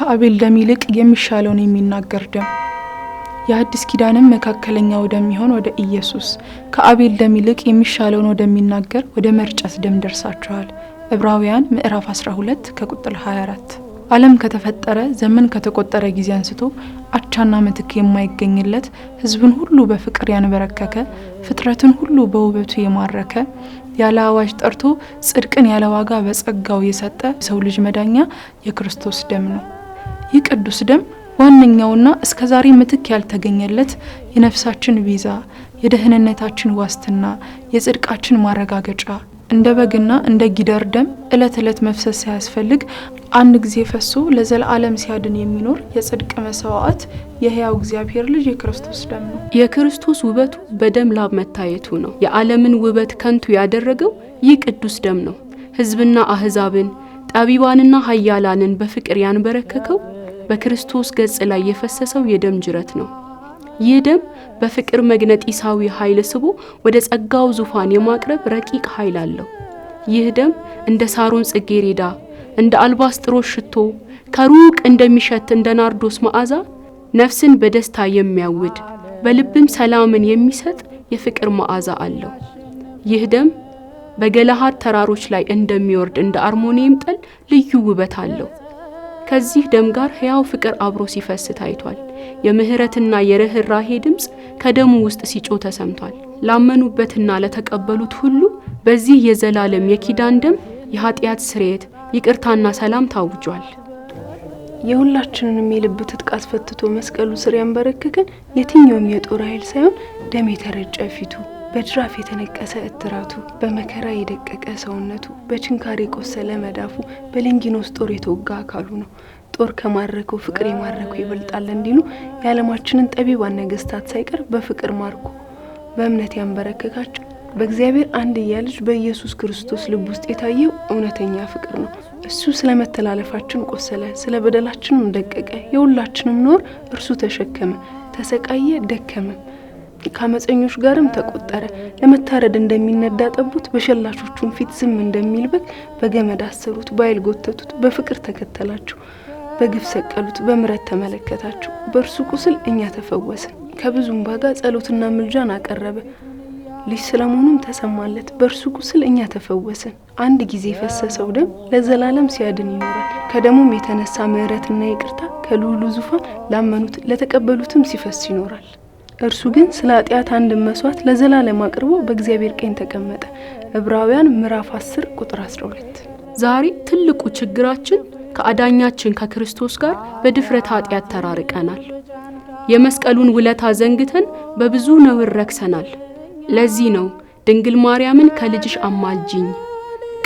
ከአቤል ደም ይልቅ የሚሻለውን የሚናገር ደም የአዲስ ኪዳንም መካከለኛ ወደሚሆን ወደ ኢየሱስ ከአቤል ደም ይልቅ የሚሻለውን ወደሚናገር ወደ መርጨት ደም ደርሳችኋል። ዕብራውያን ምዕራፍ 12 ከቁጥር 24። ዓለም ከተፈጠረ ዘመን ከተቆጠረ ጊዜ አንስቶ አቻና ምትክ የማይገኝለት ሕዝብን ሁሉ በፍቅር ያንበረከከ ፍጥረትን ሁሉ በውበቱ የማረከ ያለ አዋጅ ጠርቶ ጽድቅን ያለ ዋጋ በጸጋው የሰጠ ሰው ልጅ መዳኛ የክርስቶስ ደም ነው። ይህ ቅዱስ ደም ዋነኛውና እስከ ዛሬ ምትክ ያልተገኘለት የነፍሳችን ቪዛ የደህንነታችን ዋስትና፣ የጽድቃችን ማረጋገጫ እንደ በግና እንደ ጊደር ደም እለት ዕለት መፍሰስ ሳያስፈልግ አንድ ጊዜ ፈሶ ለዘላለም ሲያድን የሚኖር የጽድቅ መሰዋዕት የህያው እግዚአብሔር ልጅ የክርስቶስ ደም ነው። የክርስቶስ ውበቱ በደም ላብ መታየቱ ነው። የዓለምን ውበት ከንቱ ያደረገው ይህ ቅዱስ ደም ነው። ሕዝብና አህዛብን ጠቢባንና ኃያላንን በፍቅር ያንበረከከው በክርስቶስ ገጽ ላይ የፈሰሰው የደም ጅረት ነው። ይህ ደም በፍቅር መግነጢሳዊ ኃይል ስቦ ወደ ጸጋው ዙፋን የማቅረብ ረቂቅ ኃይል አለው። ይህ ደም እንደ ሳሮን ጽጌሬዳ፣ እንደ አልባስጥሮስ ሽቶ፣ ከሩቅ እንደሚሸት እንደ ናርዶስ መዓዛ ነፍስን በደስታ የሚያውድ በልብም ሰላምን የሚሰጥ የፍቅር መዓዛ አለው። ይህ ደም በገለሃድ ተራሮች ላይ እንደሚወርድ እንደ አርሞኒየም ጠል ልዩ ውበት አለው። ከዚህ ደም ጋር ሕያው ፍቅር አብሮ ሲፈስ ታይቷል። የምህረትና የርኅራሄ ድምፅ ከደሙ ውስጥ ሲጮ ተሰምቷል። ላመኑበትና ለተቀበሉት ሁሉ በዚህ የዘላለም የኪዳን ደም የኃጢአት ስርየት ይቅርታና ሰላም ታውጇል። የሁላችንንም የልብ ትጥቅ አስፈትቶ መስቀሉ ስር ያንበረከከን የትኛውም የጦር ኃይል ሳይሆን ደም የተረጨ ፊቱ በድራፍ የተነቀሰ እትራቱ፣ በመከራ የደቀቀ ሰውነቱ፣ በችንካር የቆሰለ መዳፉ፣ በሌንጊኖስ ጦር የተወጋ አካሉ ነው። ጦር ከማረከው ፍቅር የማረከው ይበልጣል እንዲሉ የዓለማችንን ጠቢባን ነገስታት ሳይቀር በፍቅር ማርኮ በእምነት ያንበረከካቸው በእግዚአብሔር አንድያ ልጅ በኢየሱስ ክርስቶስ ልብ ውስጥ የታየው እውነተኛ ፍቅር ነው። እሱ ስለ መተላለፋችን ቆሰለ፣ ስለ በደላችንም ደቀቀ፣ የሁላችንም ኖር እርሱ ተሸከመ፣ ተሰቃየ፣ ደከመ። ከአመፀኞች ጋርም ተቆጠረ። ለመታረድ እንደሚነዳ ጠቡት፣ በሸላቾቹም ፊት ዝም እንደሚል በግ በገመድ አሰሩት፣ በኃይል ጎተቱት፣ በፍቅር ተከተላቸው፣ በግፍ ሰቀሉት፣ በምረት ተመለከታቸው። በእርሱ ቁስል እኛ ተፈወስን። ከብዙ ባጋ ጸሎትና ምልጃን አቀረበ። ልጅ ስለመሆኑም ተሰማለት። በእርሱ ቁስል እኛ ተፈወስን። አንድ ጊዜ የፈሰሰው ደም ለዘላለም ሲያድን ይኖራል። ከደሙም የተነሳ ምሕረትና ይቅርታ ከልዑሉ ዙፋን ላመኑት ለተቀበሉትም ሲፈስ ይኖራል። እርሱ ግን ስለ ኃጢአት አንድ መስዋዕት ለዘላለም አቅርቦ በእግዚአብሔር ቀኝ ተቀመጠ። ዕብራውያን ምዕራፍ 10 ቁጥር 12። ዛሬ ትልቁ ችግራችን ከአዳኛችን ከክርስቶስ ጋር በድፍረት ኃጢአት ተራርቀናል። የመስቀሉን ውለታ ዘንግተን በብዙ ነውር ረክሰናል። ለዚህ ነው ድንግል ማርያምን ከልጅሽ አማልጅኝ፣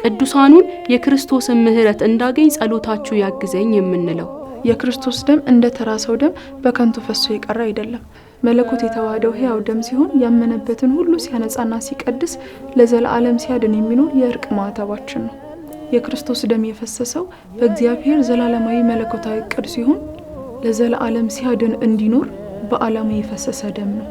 ቅዱሳኑን የክርስቶስን ምሕረት እንዳገኝ ጸሎታችሁ ያግዘኝ የምንለው። የክርስቶስ ደም እንደ ተራ ሰው ደም በከንቱ ፈሶ የቀረ አይደለም። መለኮት የተዋህደው ሕያው ደም ሲሆን ያመነበትን ሁሉ ሲያነጻና ሲቀድስ ለዘላለም ሲያድን የሚኖር የእርቅ ማዕተባችን ነው። የክርስቶስ ደም የፈሰሰው በእግዚአብሔር ዘላለማዊ መለኮታዊ እቅድ ሲሆን ለዘላለም ሲያድን እንዲኖር በዓላማ የፈሰሰ ደም ነው።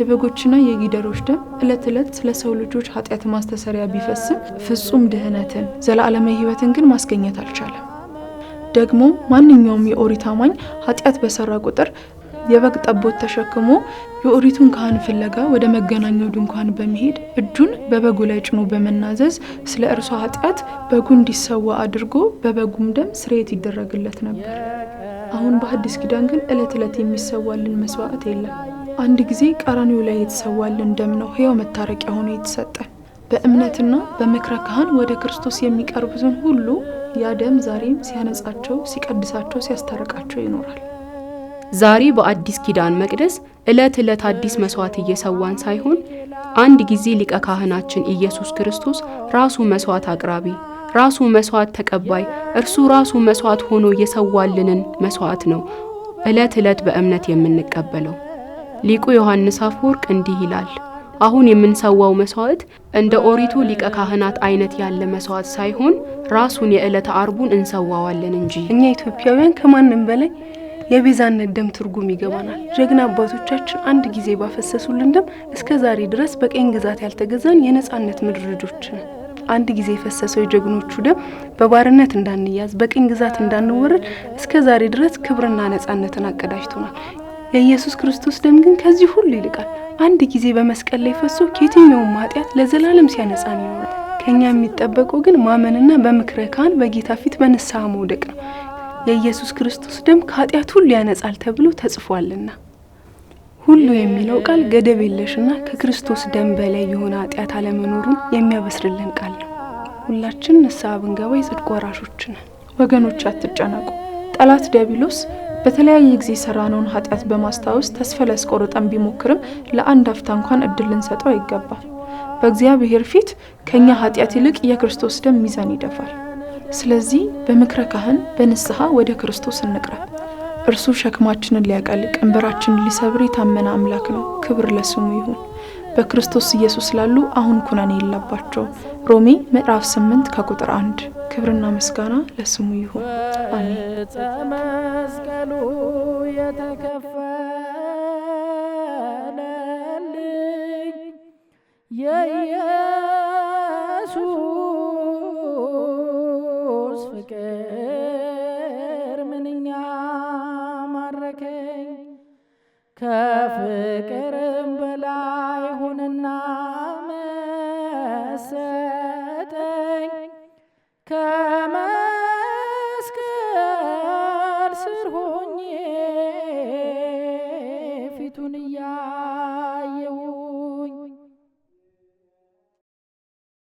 የበጎችና የጊደሮች ደም ዕለት ዕለት ለሰው ልጆች ኃጢአት ማስተሰሪያ ቢፈስም ፍጹም ድህነትን ዘላለማዊ ሕይወትን ግን ማስገኘት አልቻለም። ደግሞ ማንኛውም የኦሪት አማኝ ኃጢአት በሰራ ቁጥር የበግ ጠቦት ተሸክሞ የኦሪቱን ካህን ፍለጋ ወደ መገናኛው ድንኳን በመሄድ እጁን በበጉ ላይ ጭኖ በመናዘዝ ስለ እርሷ ኃጢአት በጉ እንዲሰዋ አድርጎ በበጉም ደም ስርየት ይደረግለት ነበር። አሁን በአዲስ ኪዳን ግን ዕለት ዕለት የሚሰዋልን መስዋዕት የለም። አንድ ጊዜ ቀራኒው ላይ የተሰዋልን ደም ነው ሕያው መታረቂያ ሆኖ የተሰጠን። በእምነትና በምክረ ካህን ወደ ክርስቶስ የሚቀርቡትን ሁሉ ያ ደም ዛሬም ሲያነጻቸው፣ ሲቀድሳቸው፣ ሲያስታርቃቸው ይኖራል። ዛሬ በአዲስ ኪዳን መቅደስ ዕለት ዕለት አዲስ መስዋዕት እየሰዋን ሳይሆን አንድ ጊዜ ሊቀ ካህናችን ኢየሱስ ክርስቶስ ራሱ መስዋዕት አቅራቢ፣ ራሱ መስዋዕት ተቀባይ፣ እርሱ ራሱ መስዋዕት ሆኖ የሰዋልንን መስዋዕት ነው ዕለት ዕለት በእምነት የምንቀበለው። ሊቁ ዮሐንስ አፈወርቅ እንዲህ ይላል። አሁን የምንሰዋው መስዋዕት እንደ ኦሪቱ ሊቀ ካህናት አይነት ያለ መስዋዕት ሳይሆን ራሱን የዕለት አርቡን እንሰዋዋለን እንጂ እኛ ኢትዮጵያውያን ከማንም በላይ የቤዛነት ደም ትርጉም ይገባናል። ጀግና አባቶቻችን አንድ ጊዜ ባፈሰሱልን ደም እስከ ዛሬ ድረስ በቀኝ ግዛት ያልተገዛን የነጻነት ምድር ልጆች ነን። አንድ ጊዜ የፈሰሰው የጀግኖቹ ደም በባርነት እንዳንያዝ፣ በቀኝ ግዛት እንዳንወረድ እስከ ዛሬ ድረስ ክብርና ነጻነትን አቀዳጅቶናል። የኢየሱስ ክርስቶስ ደም ግን ከዚህ ሁሉ ይልቃል። አንድ ጊዜ በመስቀል ላይ ፈሶ ከየትኛውም ኃጢአት ለዘላለም ሲያነጻን ይኖራል። ከእኛ የሚጠበቀው ግን ማመንና በምክረ ካህን በጌታ ፊት በንስሐ መውደቅ ነው። የኢየሱስ ክርስቶስ ደም ከኃጢአት ሁሉ ያነጻል ተብሎ ተጽፏልና ሁሉ የሚለው ቃል ገደብ የለሽና ከክርስቶስ ደም በላይ የሆነ ኃጢአት አለመኖሩን የሚያበስርልን ቃል ነው። ሁላችን ንስሐ ብንገባ የጽድቅ ወራሾች ነን። ወገኖች አትጨነቁ። ጠላት ዲያብሎስ በተለያየ ጊዜ የሰራነውን ኃጢአት በማስታወስ ተስፋ ሊያስቆርጠን ቢሞክርም ለአንድ አፍታ እንኳን እድል ልንሰጠው አይገባል። በእግዚአብሔር ፊት ከእኛ ኃጢአት ይልቅ የክርስቶስ ደም ሚዛን ይደፋል። ስለዚህ በምክረ ካህን በንስሐ ወደ ክርስቶስ እንቅረብ። እርሱ ሸክማችንን ሊያቀል ቀንበራችንን ሊሰብር የታመነ አምላክ ነው። ክብር ለስሙ ይሁን። በክርስቶስ ኢየሱስ ላሉ አሁን ኩነኔ የለባቸው። ሮሜ ምዕራፍ 8 ከቁጥር 1። ክብርና ምስጋና ለስሙ ይሁን። አሜን።